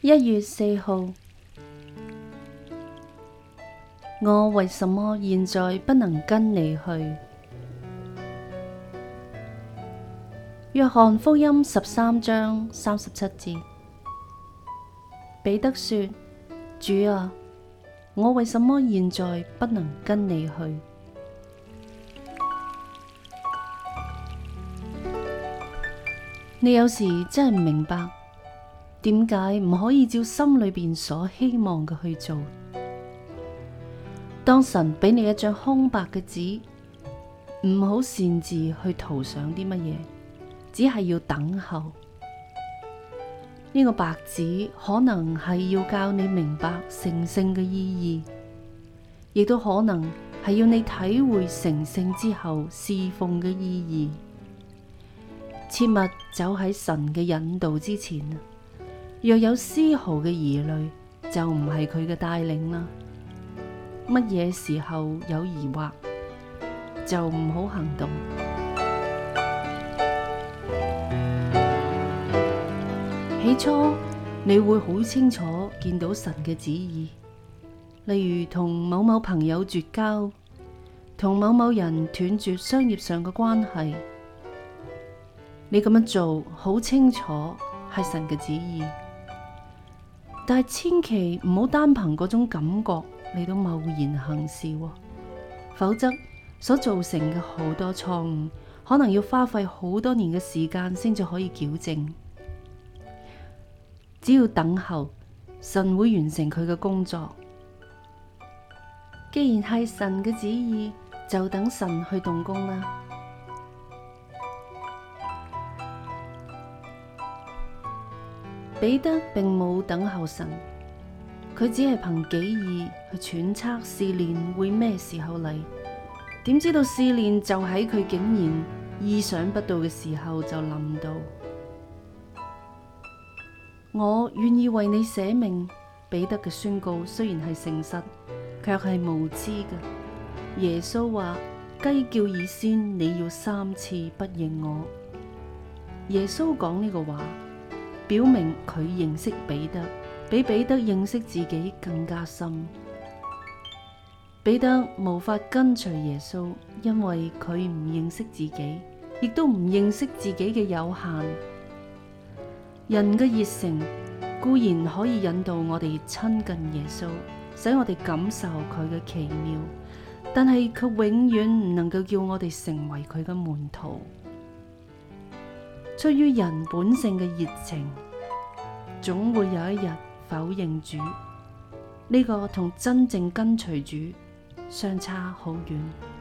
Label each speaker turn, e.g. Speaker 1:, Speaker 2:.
Speaker 1: 一月四號，我為什麼現在不能跟你去？約翰福音十三章三十七節，彼得說：主啊，我為什麼現在不能跟你去？你有時真係唔明白點解唔可以照心裏邊所希望嘅去做。當神畀你一張空白嘅紙，唔好擅自去塗上啲乜嘢，只係要等候。呢個白紙可能係要教你明白成聖嘅意義，亦都可能係要你體會成聖之後侍奉嘅意義。切勿走喺神嘅引導之前，若有絲毫嘅疑慮，就唔係佢嘅帶領啦。乜嘢時候有疑惑，就唔好行動。起初你會好清楚見到神嘅旨意，例如同某某朋友絕交，同某某人斷絕商業上嘅關係。你咁樣做好清楚係神嘅旨意，但係千祈唔好單憑嗰種感覺，你都貿然行事喎、哦。否則所造成嘅好多錯誤，可能要花費好多年嘅時間先至可以矯正。只要等候，神會完成佢嘅工作，既然係神嘅旨意，就等神去動工啦。彼得並冇等候神，佢只係憑己意去揣測試煉會咩時候嚟，點知道試煉就喺佢竟然意想不到嘅時候就臨到。我願意為你捨命。彼得嘅宣告雖然係誠實，卻係無知嘅。耶穌話：雞叫以先，你要三次不認我。耶穌講呢個話。表明佢認識彼得，比彼得認識自己更加深。彼得無法跟隨耶穌，因為佢唔認識自己，亦都唔認識自己嘅有限。人嘅熱誠固然可以引導我哋親近耶穌，使我哋感受佢嘅奇妙，但係佢永遠唔能夠叫我哋成為佢嘅門徒。出於人本性嘅熱情，總會有一日否認主，呢、這個同真正跟隨主相差好遠。